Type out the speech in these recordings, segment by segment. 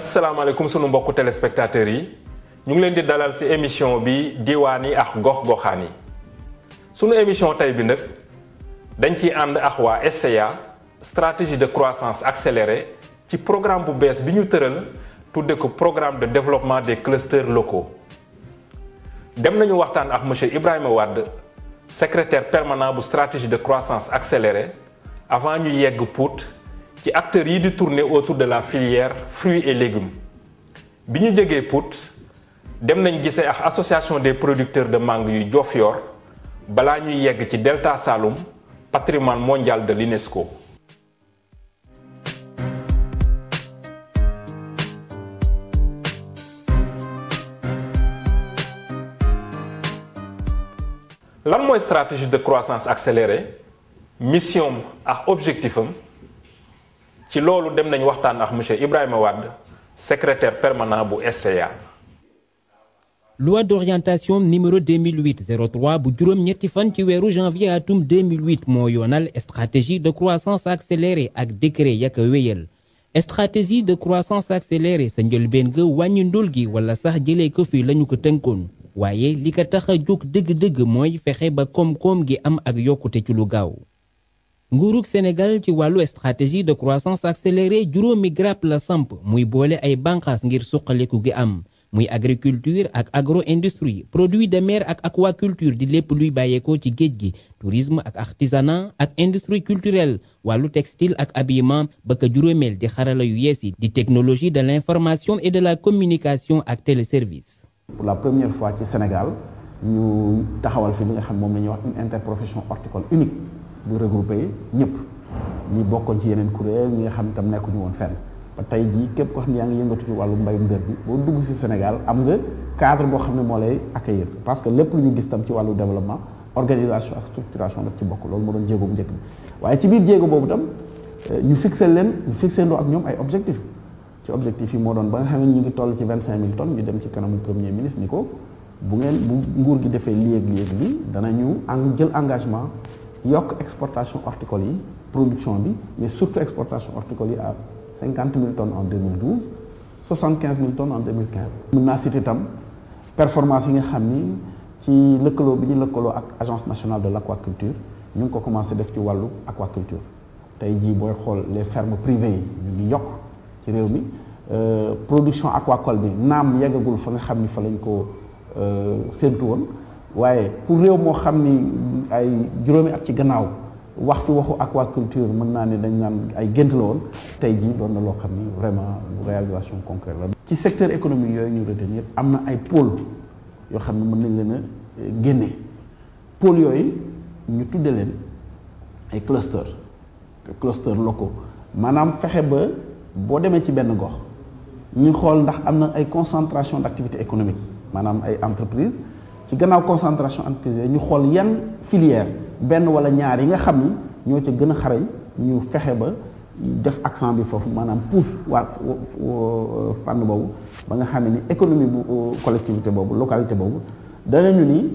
asalaamaaleykum sunu mbokku téléspectateurs yi ñu ngi leen di dalal ci émission bi diwaan yi ak gox-goxaan yi sunu émission tey bi nag dañ ciy ànd ak waa SCA stratégie de croissance accélérée ci programme bu bees bi ñu tëral tudde ko programme de développement des clusters locaux dem nañu waxtaan ak monsieur Ibrahima Wade secretaire permanent bu stratégie de croissance accélérée avant ñu yegg Pout ci acteurs yi di tourner autour de la filière fruits et légumes bi ñu jegee Pout dem nañ gisee ak association des producteurs de mangue yuy Diofior balaa ñuy yegg ci Delta Saloum patrimoine mondial de l'UNESCO lan mooy stratégie de croissance accélérée mission ak objectif ci loolu dem nañ waxtaan ak monsieur Ibrahima Wade secrétaire permanent bu SCA. loi d'orientation numéro 2008 03 bu juróom ñetti fan ci weeru janvier atum 2008 moo yoonal stratégie de croissance accélérée ak décret ya ko wéyal stratégie de croissance accélérée sa njëlbeen ga wàññi ndóol gi wala sax jële ko fi lañu ko tënkoon waaye li ko tax jóg dëgg-dëgg mooy fexe ba koom-koom gi am ak yokkute ci lu gaaw nguurug Sénégal ci wàllu stratégie de croissance accélérée juróomi grapp la samp muy boole ay bànqaas ngir suqaliku gi am muy agriculture ak agro-industrie produit de mer ak aquaculture di lépp luy bàyyeekoo ci géej gi tourisme ak artisanat ak industrie culturelle wàllu textile ak habillement ba ka juróomeel di xarala yu yees yi di technologie de l'information et de la communication ak téléservice. pour la première fois ci Sénégal ñu taxawal fi li nga xam moom la ñuy bu di regroupé ñëpp ñi bokkoon ci yeneen kuréel ñi nga xam tam nekkuñu woon fenn ba tey jii képp koo xam ne yaa ngi yëngatu ci wàllu mbayum dër bi boo dugg si Sénégal am nga cadre boo xam ne moo lay accueillir parce que lépp lu ñu gis tam ci wàllu développement organisation ak structuration daf ci bokk loolu moo doon jéego bu njëkk bi waaye ci biir jéego boobu tam euh, ñu fixé leen ñu fixé ndoo ak ñoom ay objectif ci objectif yi moo doon ba nga xam ñu ngi toll ci vingt cinq mille tonnes ñu kanamu premier ministre ni ko bu ngeen bu nguur gi defee lii ak lii ak lii danañu jël engagement yokk exportation horticole yi production bi mais surtout exportation horticole yi à cinquante mille tonnes en deux mille douze soixante quinze mille tonnes en deux mille quinze. naa citer tam performance yi nga xam ni ci lëkkaloo bi ñu lëkkaloo ak agence nationale de l' aquaculture ñu ngi ko commencé def ci wàllu aquaculture tey jii booy xool les ferme privées yi ñu ngi yokk ci réew mi euh, production aquacole bi naam yeggagul fa nga xam ni fa lañ ko euh, séentu woon. waaye pour réew moo xam ni ay juróomi at ci gannaaw wax fi waxu aquaculture mën naa ne dañu naan ay gént la woon tey jii doon na loo xam ni vraiment réalisation concrète la. ci secteur économique yooyu ñu retenir am na ay pôle yoo xam ne mën nañ leen a euh, génne pôle yooyu ñu tudde leen ay cluster cluster locaux maanaam fexe ba boo demee ci benn gox ñu xool ndax am na ay concentration d' activité économique maanaam ay entreprise ci gannaaw concentration entreprise ñu xool yan filière benn wala ñaar yi nga xam ni ñoo ca gën a xarañ ñu fexe ba def accent bi foofu maanaam puus waa fànn boobu ba nga xam ne ni économie bu collectivité boobu localité boobu danañu ni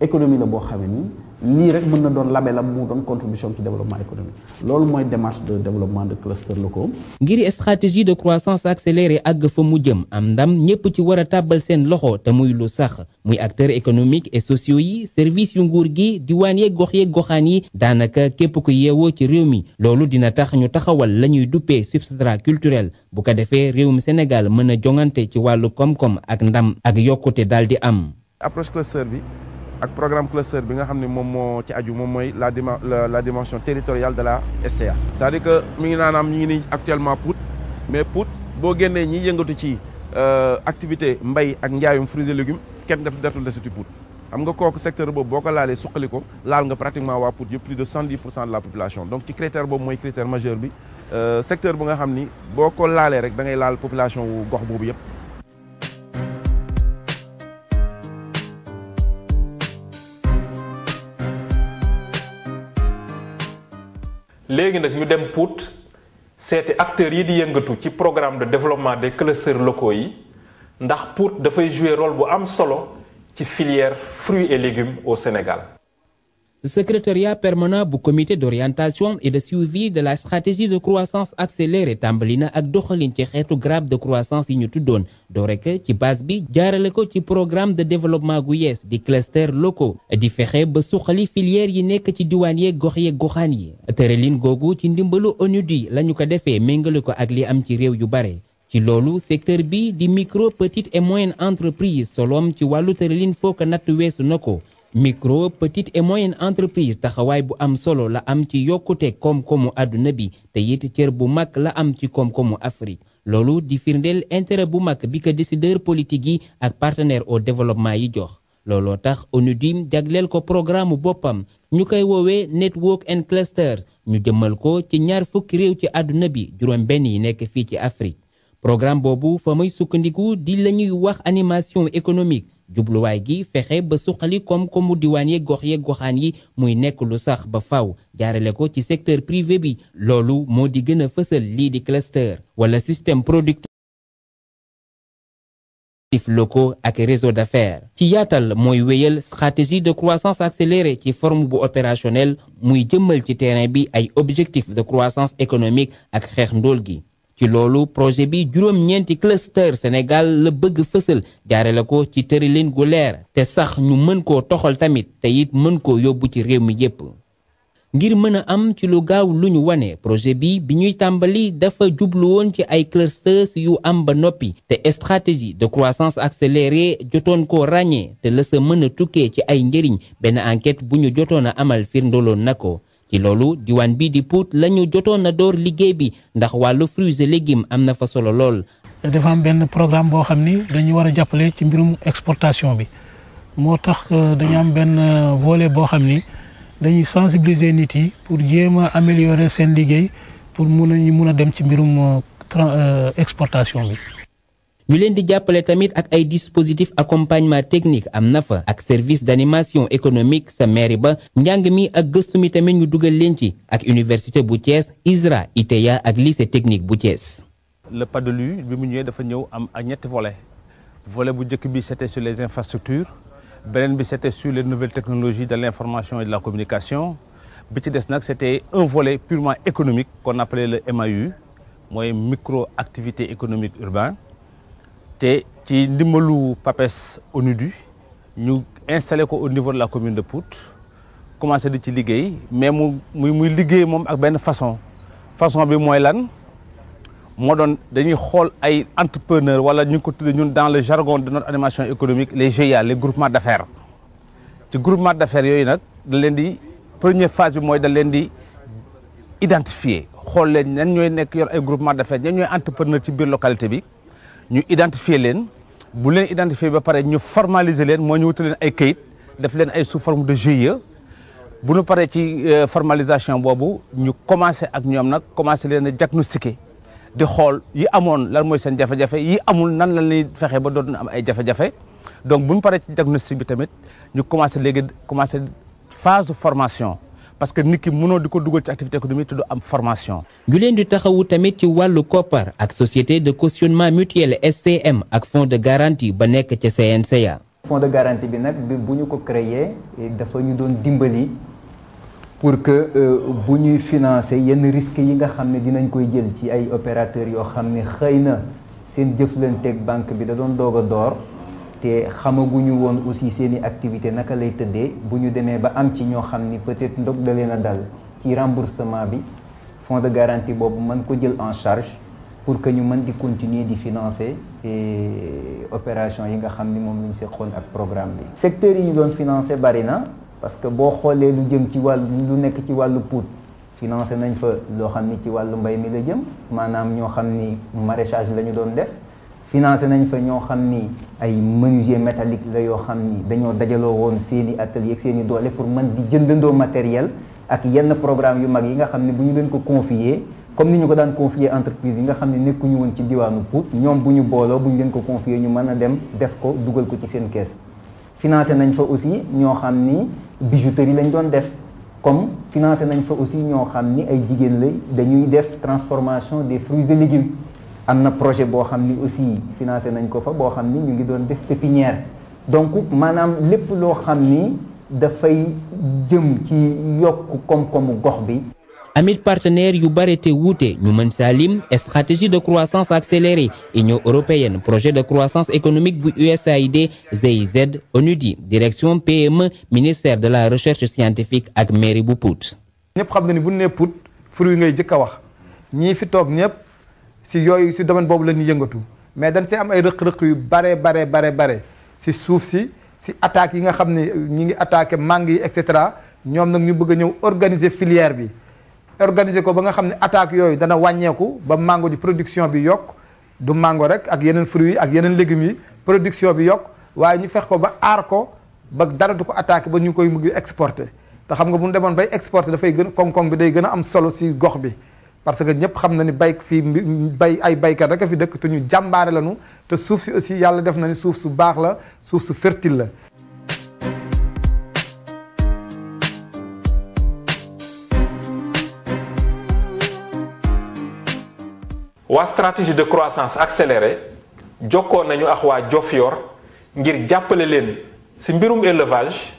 économie la boo xam ni lii rek mën na doon labelam mu doon contribution ci développement économique loolu mooy démarche de développement de clusters locaux. ngir stratégie de croissance accélérée àgg fa mu jëm am ndam ñépp ci war a tàbbal seen loxo te muy lu sax muy acteur économique et sociaux yi service yu nguur gi diwaan yeeg gox yeeg goxaan yi daanaka képp ku yeewoo ci réew mi loolu dina tax ñu taxawal la ñuy duppee substrat culturel bu ko defee réewum Sénégal mën a jongante ci wàllu koom ak ndam ak yokkute daal di am. approche bi. ak programme cluster bi nga xam ne moom moo ci aju moom mooy la la dimension territoriale de la STA. cest dire que mi ngi naanaam ñu ngi nii actuellement Pout mais Pout boo génnee ñi yëngatu ci euh, activité mbay ak njaayum fruits et légumes kenn def deftul desiti Pout xam nga kooku secteur boobu boo ko laalee suqali laal nga pratiquement waa Pout yëpp plus de cent dix pour cent de la population donc ci critère boobu mooy critère majeur bi euh, secteur bu nga xam ni boo ko laalee rek da ngay laal population wu boobu yëpp. léegi nag ñu dem Pout seeti acteurs yi di yëngatu ci programme de développement des clusters locaux yi ndax Pout dafay jouer rôle bu am solo ci filière fruits et légumes au Sénégal secrétariat permanent bu comité d'orientation et de suivi de la stratégie de croissance accélérée tàmbali na ak doxalin ci xeetu grappe de croissance yi ñu tuddoon doo rek ci base bi jaarale ko ci programme de développement gu yees di cluster locaux di fexe ba suqali filière yi nekk ci diwaan yeeg gox yeeg goxaan yi tëralin googu ci ndimbalu ONUDI la ñu ko defee méngale ko ak li am ci réew yu bare ci loolu secteur bi di micro petite et moyenne entreprise soloom ci wàllu tëralin foo natt weesu na micro petite et moyenne entreprise taxawaay bu am solo la am ci yokkute koom-koomu àdduna bi te it cër bu mag la am ci koom-koomu Afrique loolu di firndeel intérêt bu mag bi ko décideur politique yi ak partenaire au développement yi jox looloo tax ONUDIM jagleel ko programme boppam ñu koy woowee network and cluster ñu jëmmal ko ci ñaar fukki réew ci àdduna bi juróom benn yi nekk fii ci Afrique programme boobu fa muy sukkandiku di lañuy wax animation économique jubluwaay gi fexe ba suqali koom-koomu diwaan yeeg gox yeeg goxaan yi muy nekk lu sax ba faw jaarale ko ci secteur privé bi loolu moo di gën a fësal lii di cluster wala système productif locaux ak réseau d'affaires ci yaatal mooy wéyal stratégie de croissance accélérée ci forme bu opérationnel muy jëmmal ci terrain bi ay objectif de croissance économique ak xeex ndool gi ci loolu projet bi juróom-ñeenti cluster Sénégal la bëgg fësal jaare ko ci tëralin gu leer te sax ñu mën koo toxal tamit te it mën koo yóbbu ci réew mi yépp ngir mën a am ci lu gaaw lu ñu wane projet bi bi ñuy tàmbali dafa jublu woon ci ay clusters yu am ba noppi te stratégie de croissance accélérée jotoon ko ràññee te la sa mën a tukkee ci ay njëriñ benn enquête bu ñu jotoon a amal firndoloon na ko ci loolu diwaan bii di Pout la ñu jotoon na door liggéey bi ndax wàllu fruits et légumes am na fa solo lool. dafa am benn programme boo xam ni dañu war a jàppale ci mbirum exportation bi moo tax euh, dañu am benn euh, volet boo xam ni dañuy sensibiliser nit yi pour jéem a améliorer seen liggéey pour mun a ñu mun a dem ci mbirum euh, exportation bi. ñu leen di jàppale tamit ak ay dispositif accompagnement technique am na fa ak service d'animation économique sa mairie ba njàng mi ak gëstu mi tamit ñu dugal leen ci ak université bu cees ISRA ITEA ak lycée technique bu cees le PADELU bi mu ñëwee dafa ñëw am ak ñetti volet volet bu njëkk bi c'était su les infrastructures beneen bi c'était sur les nouvelles technologies de l'information et de la communication bi ci des nag c'était un volet purement économique qu'on appelait le MAU mooy micro activité économique urbain te ci ndimbalu PAPES ONUDU ñu installé ko au niveau de la commune de Pout commencé di ci liggéey mais mu muy muy liggéey moom ak benn façon façon bi mooy lan moo doon dañuy xool ay entrepreneur wala ñu ngi ko tuddee ñun dans le jargon de notre animation économique les GIA les groupements d'affaires ci groupement d'affaires yooyu nag da leen di première phase bi mooy da leen di identifier xool leen ñan ñooy nekk yor ay groupement d'affaires ñan ñooy entrepreneur ci biir localité bi ñu identifier leen bu leen identifier ba pare ñu formaliser leen moo ñu wutal leen ay kayit def leen ay sous forme de GIE bu ñu paree ci euh, formalisation boobu ñu commencé ak ñoom nag commencé leen a di xool yi amoon lan mooy seen jafe-jafe yi amul nan la ñuy fexe ba doon am ay jafe-jafe donc bu ñu paree ci diagnostic bi tamit ñu commencé léegi commencé phase de formation. parce que nit ki mënoo di ko dugal ci activité économique te du am formation. ñu leen di taxawu tamit ci wàllu koppar ak société de cautionnement mutuel SCM ak fonds de garanti ba nekk ca CNCA. fonds de garanti bi nag bu ñu ko créer dafa ñu doon dimbali pour que euh, bu ñuy financer yenn risques yi nga xam ne dinañ koy jël ci ay opérateurs yoo xam ne xëy na seen jëflanteeg banque bi da doon doog a door. te xamaguñu woon aussi seeni i activité naka lay tëddee bu ñu demee ba am ci ñoo xam ni peut-être ndog da na a dal ci remboursement bi fonds de garantie boobu man ko jël en charge pour que ñu mën di continuer di financer eh, opération yi nga xam ni moom la ñu seqoon ak programme bi. secteur yi ñu doon financer bari na parce que boo xoolee lu jëm ci wàll lu nekk ci wàllu puut financé nañ fa loo xam ni ci wàllu mbay mi la jëm maanaam ñoo xam ni maraîchage la ñu doon def. financé nañ fa ñoo xam ni ay menuisier métallique la yoo xam ni dañoo dajaloo woon seeni atelier ak seeni doole pour man di jëndandoo matériel ak yenn programme yu mag yi nga xam ne bu ñu leen ko confier comme ni ñu ko daan confier entreprise yi nga xam ne nekkuñu woon ci diwaanu Pout ñoom bu ñu booloo bu ñu leen ko confier ñu mën a dem def ko dugal ko ci seen kees financé nañ fa aussi ñoo xam ni bijouterie lañ doon def comme financé nañ fa aussi ñoo xam ni ay jigéen la dañuy def transformation des fruits et am na projet boo xam ni aussi financé nañ ko fa boo xam ni ñu ngi doon def pépinière donc maanaam lépp loo xam ni dafay jëm ci yokk koom-koomu gox bi. amit partenaire yu bare te wuute ñu mën saa lim stratégie de croissance accélérée union européenne projet de croissance économique bu USAID GIZ ONUDI direction PME ministère de la recherche scientifique ak mairie bu Pout. ñëpp xam na ni bu ne Pout fruit ngay jëkk a wax ñii fi toog ñëpp. si yooyu si domaine boobu la ñuy yëngatu mais dañ see am ay rëq-rëq yu bare bare bare bare si suuf si si attaque yi nga xam ne ñi ngi attaqué màng yi et ñoom nag ñu bëgg a ñëw organiser filière bi organiser ko ba nga xam ne attaques yooyu dana wàññeeku ba mango ji production bi yokk du mango rek ak yeneen fruits yi ak yeneen légumes yi production bi yokk waaye ñu fex ko ba aar ko ba dara ko attaque ba ñu koy mugg exporté te xam nga bu ñu demoon bay exporté dafay gën koŋ bi day gën a am solo si gox bi parce que ñëpp xam na ni bay fii bay ay baykat rek a fi dëkk te ñu jàmbaare lañu te suuf si aussi yàlla def na ni suuf su baax la suuf su fertile la. waa stratégie de croissance accélérée jokkoon nañu ak waa Diofior ngir jàppale leen ci mbirum élevage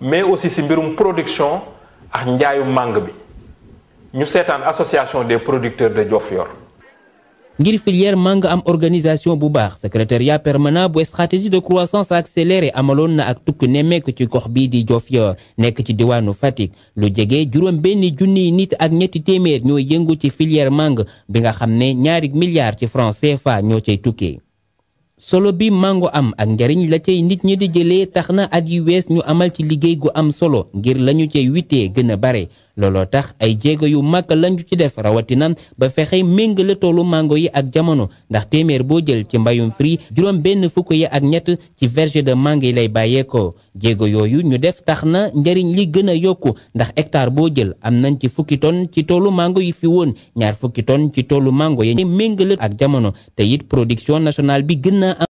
mais aussi ci mbirum production ak njaayu màng bi. ñu seetaan association des producteurs de Diofior ngir filière manga am organisation bu baax secrétariat permanent bu stratégie de croissance accélérée amaloon na ak tukki nemmeeku ci gox bii di Diofior nekk ci diwaanu Fatick lu jege juróom benn junniy nit ak ñetti téeméer ñooy yëngu ci filière manga bi nga xam ne ñaari milliards ci francais CFA ñoo cay tukkee. solo bi mango am ak njariñ la cay nit ñi di jëlee tax na at yi wees ñu amal ci liggéey gu am solo ngir lañu cay wittee gën a bare looloo tax ay jéego yu mag lañu ci def rawatina ba fexe méngale toolu mango yi ak jamono ndax téeméer boo jël ci mbayum fri juróom benn fukk yi ak ñett ci verge de mango yi lay bàyyeekoo jéego yooyu ñu def tax na njëriñ li gën a yokku ndax hectare boo jël am nañ ci fukki ton ci toolu mango yi fi woon ñaar fukki ton ci toolu mango yi méngale ak jamono te it production nationale bi gën a